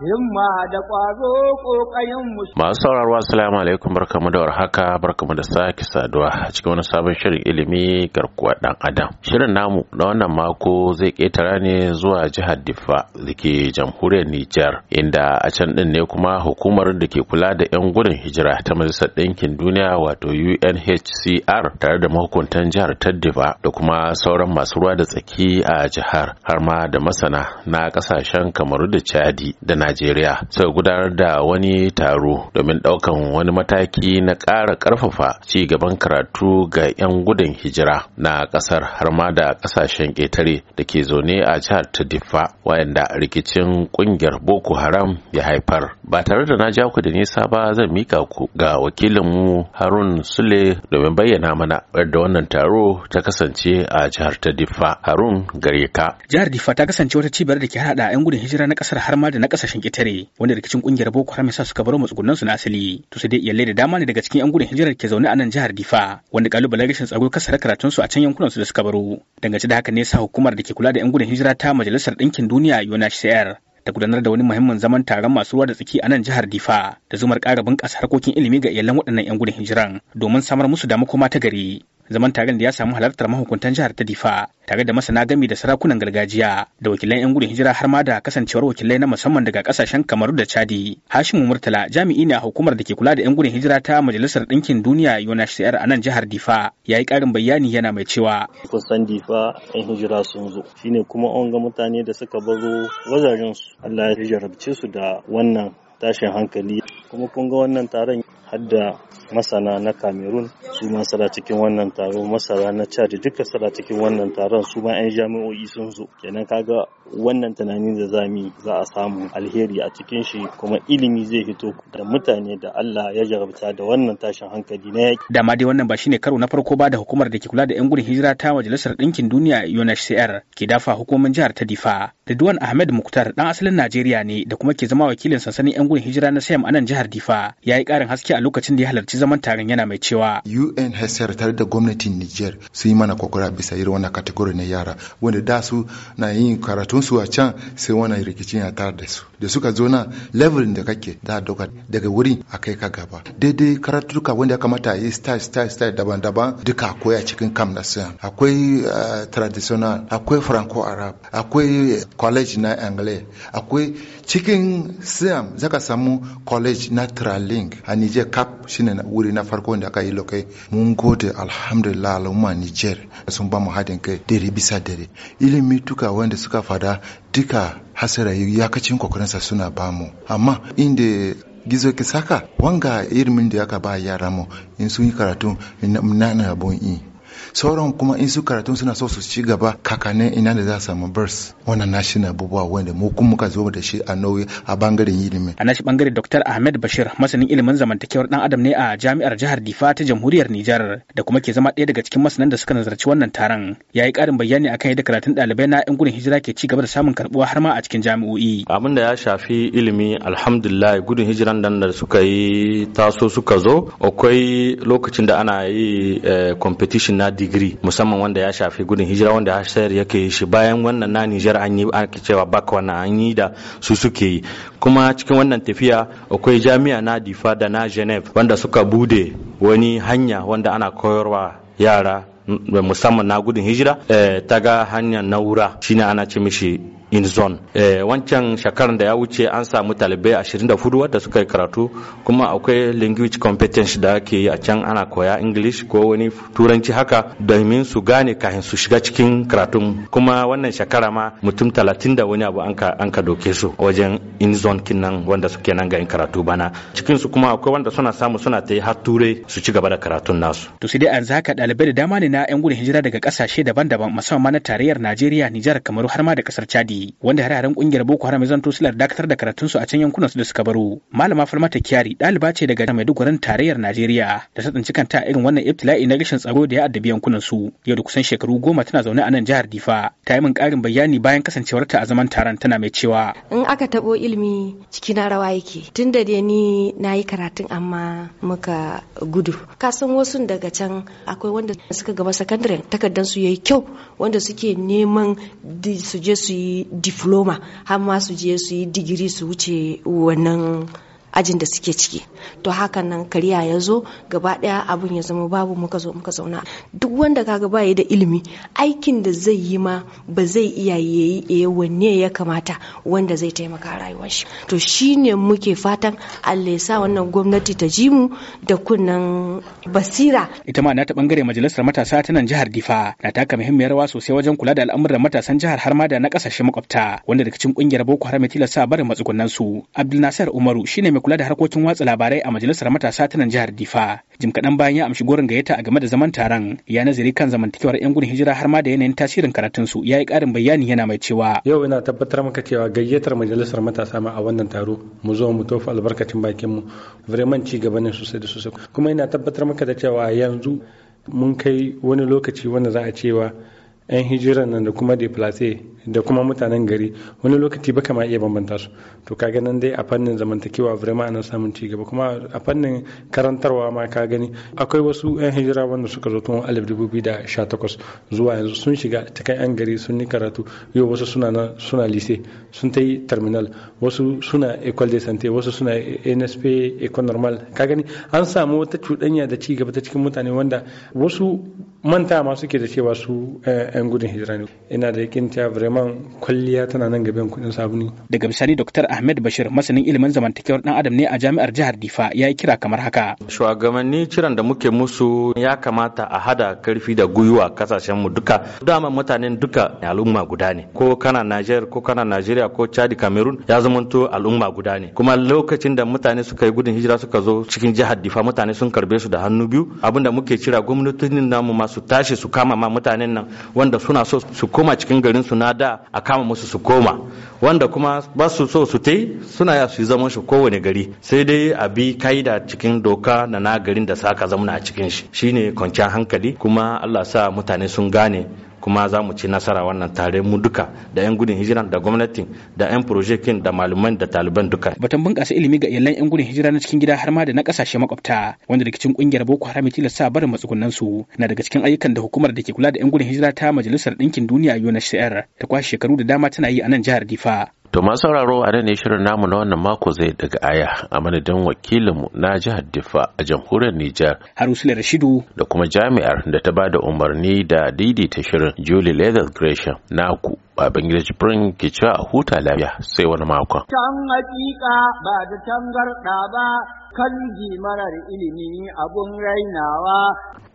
himma da ƙwazo ƙoƙayen musu. Masu sauraro assalamu alaikum barkamu da warhaka barkamu da sake saduwa a cikin wani sabon shirin ilimi garkuwa ɗan adam. Shirin namu na wannan mako zai ƙetara ne zuwa jihar Diffa da jamhuriyar Nijar inda a can ɗin ne kuma hukumar da ke kula da 'yan gudun hijira ta Majalisar Ɗinkin Duniya wato UNHCR tare da mahukuntan jihar ta Diffa da kuma sauran masu ruwa da tsaki a jihar har ma da masana na ƙasashen kamaru da Chadi da Najeriya. Najeriya suka gudanar da wani taro domin ɗaukan wani mataki na ƙara ƙarfafa ci gaban karatu ga 'yan gudun hijira na ƙasar har ma da ƙasashen ƙetare da ke zaune a jihar ta Diffa wayanda rikicin ƙungiyar Boko Haram ya haifar. Ba tare da na ja ku da nisa ba zan mika ku ga wakilinmu Harun Sule domin bayyana mana yadda wannan taro ta kasance a jihar ta Diffa. Harun gare ka. Jihar Diffa ta kasance wata cibiyar da ke haɗa 'yan gudun hijira na ƙasar har ma da na ƙasashen kasashen ƙetare wanda rikicin kungiyar Boko Haram sa suka baro matsugunan su na asali to sai dai iyalai da dama ne daga cikin 'yan gudun hijirar ke zaune a nan jihar Difa wanda kalubalen rashin tsaro kasar karatun su a can yankunan su da suka baro dangance da haka ne sa hukumar da ke kula da 'yan gudun hijira ta Majalisar Ɗinkin Duniya UNHCR ta gudanar da wani muhimmin zaman taron masu ruwa da tsaki a nan jihar Difa da zumar ƙara bunƙasa harkokin ilimi ga iyalan waɗannan 'yan gudun hijiran domin samar musu da makoma ta gari. zaman taron da ya samu halartar mahukuntan jihar ta difa tare da masana gami da sarakunan gargajiya da wakilan 'yan gudun hijira har ma da kasancewar wakilai na musamman daga kasashen kamaru da chadi hashim murtala jami'i ne a hukumar da ke kula da 'yan gudun hijira ta majalisar ɗinkin duniya unhcr a nan jihar difa ya yi ƙarin bayani yana mai cewa kusan difa 'yan hijira sun zo shine kuma an ga mutane da suka baro wazarin su allah ya jarabce su da wannan tashin hankali kuma kun ga wannan taron hadda masana na cameroon su ma sada cikin wannan taro masana na chad duka sada cikin wannan taron su ma 'yan jami'o'i sun zo kenan kaga wannan tunanin da zami za a samu alheri a cikin shi kuma ilimi zai fito da mutane da allah ya jarabta da wannan tashin hankali na yaki da ma dai wannan ba shine karo na farko ba da hukumar da ke kula da 'yan gudun hijira ta majalisar ɗinkin duniya unhcr ke dafa hukumomin jihar ta difa Ridwan Ahmed Muktar dan asalin Najeriya ne da kuma ke zama wakilin sansanin 'yan gudun hijira na Sayam a nan jihar Difa ya yi ƙarin haske a lokacin da ya halarci zaman taron yana mai cewa UN HSR tare da gwamnatin Niger su yi mana kokura bisa irin wannan kategori na yara wanda da su na yin karatun su a can sai wannan rikicin ya tare da su da suka zo na level da kake da doka daga wurin a kai ka gaba daidai karatuka wanda ya kamata yi style style style daban-daban duka akwai a cikin kam na siyan akwai eh, traditional akwai franco arab akwai college na angle akwai cikin siyan zaka samu college na tralink a niger cap shine na wuri na farko da aka yi lokai mun gode alhamdulillah al'umma niger sun ba mu haɗin kai dare bisa dare ilimi tuka wanda suka fada duka hasara kacin kokarinsa suna bamu amma inda gizo ki saka wanga ilimin da aka ba yara mu in sun yi karatu na na abun yi sauran kuma in su karatu suna so su ci gaba kakanin ina da za su samu bars wannan nashi na abubuwa wanda mu kuma muka zo da shi a nauyi a bangaren ilimi a nashi bangaren dr ahmed bashir masanin ilimin zamantakewar dan adam ne a jami'ar jihar difa ta jamhuriyar nijar da kuma ke zama ɗaya daga cikin masanan da suka nazarci wannan taron ya yi ƙarin bayani akan yadda karatun ɗalibai na 'yan gudun hijira ke ci gaba da samun karbuwa har ma a cikin jami'o'i abin da ya shafi ilimi alhamdulillah gudun hijiran nan da suka yi taso suka zo akwai lokacin da ana yi eh, competition na digiri musamman wanda ya shafi gudun hijira wanda hasayar yake shi bayan wannan na Nijar an yi ake cewa bak wannan an yi da su suke yi kuma cikin wannan tafiya akwai jami'a na Difa da na Geneve wanda suka bude wani hanya wanda ana koyarwa yara musamman na gudun hijira eh, ta ga hanyar naura shine ana ce mishi in zone eh, wancan shekaran da ya wuce an samu talibai hudu wadda suka yi karatu kuma akwai language competence da ake yi a can ana koya english ko wani turanci haka domin su gane kahin su shiga cikin karatun kuma wannan shekara ma mutum talatin da wani abu an ka doke su wajen in zone kinnan wanda suke nan ga yin karatu bana cikin su kuma akwai wanda suna samu suna ta yi har turai su ci gaba da karatun nasu to sai dai an zaka dalibai da dama ne na yan gudun hijira daga kasashe daban-daban musamman na tarayyar Najeriya Nijar Kamaru har ma da kasar Chadi wanda hararen kungiyar Boko Haram zanto silar dakatar da karatunsu a can yankunan su da suka baro. Malama Falmata Kyari ɗaliba ce daga Maiduguri tarayyar Najeriya da ta tsinci ta a irin wannan ibtila'i na rashin tsaro da ya addabi yankunan su. Yau da kusan shekaru goma tana zaune a nan jihar Difa. Ta yi min ƙarin bayani bayan kasancewarta a zaman taron tana mai cewa. In aka taɓo ilimi ciki na rawa yake tun da dai ni na yi karatun amma muka gudu. Kasan wasu daga can akwai wanda suka gaba sakandare takardansu ya yi kyau wanda suke neman su je su yi diploma har ma su je su yi digiri su wuce wannan ajin da suke ciki to hakan nan kariya ya zo gaba daya abun ya zama babu muka zo muka zauna duk wanda kaga ba da ilimi aikin da zai yi ma ba zai iya yayi eh wanne ya kamata wanda zai taimaka rayuwar shi to shine muke fatan Allah ya sa wannan gwamnati ta ji mu da kunnan basira ita ma na ta bangare majalisar matasa ta nan jihar Difa na taka muhimmiyar rawa sosai wajen kula da al'amuran matasan jihar har ma da na kasashe makwabta wanda rikicin cikin kungiyar Boko Haram ya tilasta barin matsugunan su abdulnasir Nasir Umaru shine mai kula da harkokin watsa labarai labarai a majalisar matasa ta nan jihar Difa. Jim kaɗan bayan ya amshi gorin gayyata a game da zaman taron ya nazari kan zamantakewar 'yan gudun hijira har ma da yanayin tasirin karatunsu ya yi ƙarin bayani yana mai cewa. Yau ina tabbatar maka cewa gayyatar majalisar matasa ma a wannan taro mu zo mu tofa albarkacin bakin mu vraiment ci gaba ne sosai da sosai kuma ina tabbatar maka da cewa yanzu mun kai wani lokaci wanda za a cewa 'yan hijiran nan da kuma deplace da kuma mutanen gari wani lokaci ba kama iya bambanta su to ka ganin dai a fannin zamantakewa vraiment ana samun ci gaba kuma a fannin karantarwa ma ka gani akwai wasu yan hijira wanda suka zo tun 2018 zuwa yanzu sun shiga cikin yan gari sun yi karatu yau wasu suna na suna lise sun ta yi terminal wasu suna école de santé wasu suna nsp Ecole normal ka gani an samu wata cuɗanya da ci gaba ta cikin mutane wanda wasu manta ma suke da cewa su yan eh, gudun hijira ne ina da yakin ta zaman kwalliya tana nan gaban kudin sabuni. Daga bisani Dr. Ahmed Bashir masanin ilimin zamantakewar ɗan adam ne a jami'ar jihar Difa ya yi kira kamar haka. Shugabanni kiran da muke musu ya kamata a hada karfi da gwiwa kasashen mu duka. Dama mutanen duka al'umma guda ne. Ko kana Niger ko kana Najeriya ko Chad Cameroon ya zamanto al'umma guda ne. Kuma lokacin da mutane suka yi gudun hijira suka zo cikin jihar Difa mutane sun karbe su da hannu biyu. Abinda muke kira gwamnatin namu masu tashi su kama ma mutanen nan wanda suna so su koma cikin garin su na ta'adda a kama musu su koma wanda kuma ba su so su tai suna ya su yi zaman shi kowane gari sai dai a bi kaida cikin doka na nagarin da saka zamana a cikin shi shine kwanciyar hankali kuma Allah sa mutane sun gane kuma za mu ci nasara wannan tare mu duka da 'yan gudun hijira da gwamnatin da 'yan projekin da malaman da taliban duka. Batun bunƙasa ilimi ga iyalan 'yan gudun hijira na cikin gida har ma da na ƙasashe makwabta wanda rikicin ƙungiyar Boko Haram ya tilasta barin matsugunan su na daga cikin ayyukan da hukumar da ke kula da 'yan gudun hijira ta Majalisar Ɗinkin Duniya UNHCR ta kwashe shekaru da dama tana yi a nan jihar Difa. To masu sauraro a nan ne shirin namu na wannan mako zai daga aya a madadin wakilinmu na jihar Diffa a jamhuriyar Nijar. Harusula Rashidu. Da kuma jami'ar da ta ba da umarni da daidaita shirin Julie Leather Gresham naku Babangida Jibrin ke cewa a huta lafiya sai wani makon. Can ba da tangarɗa ba kan marar ilimi abun rainawa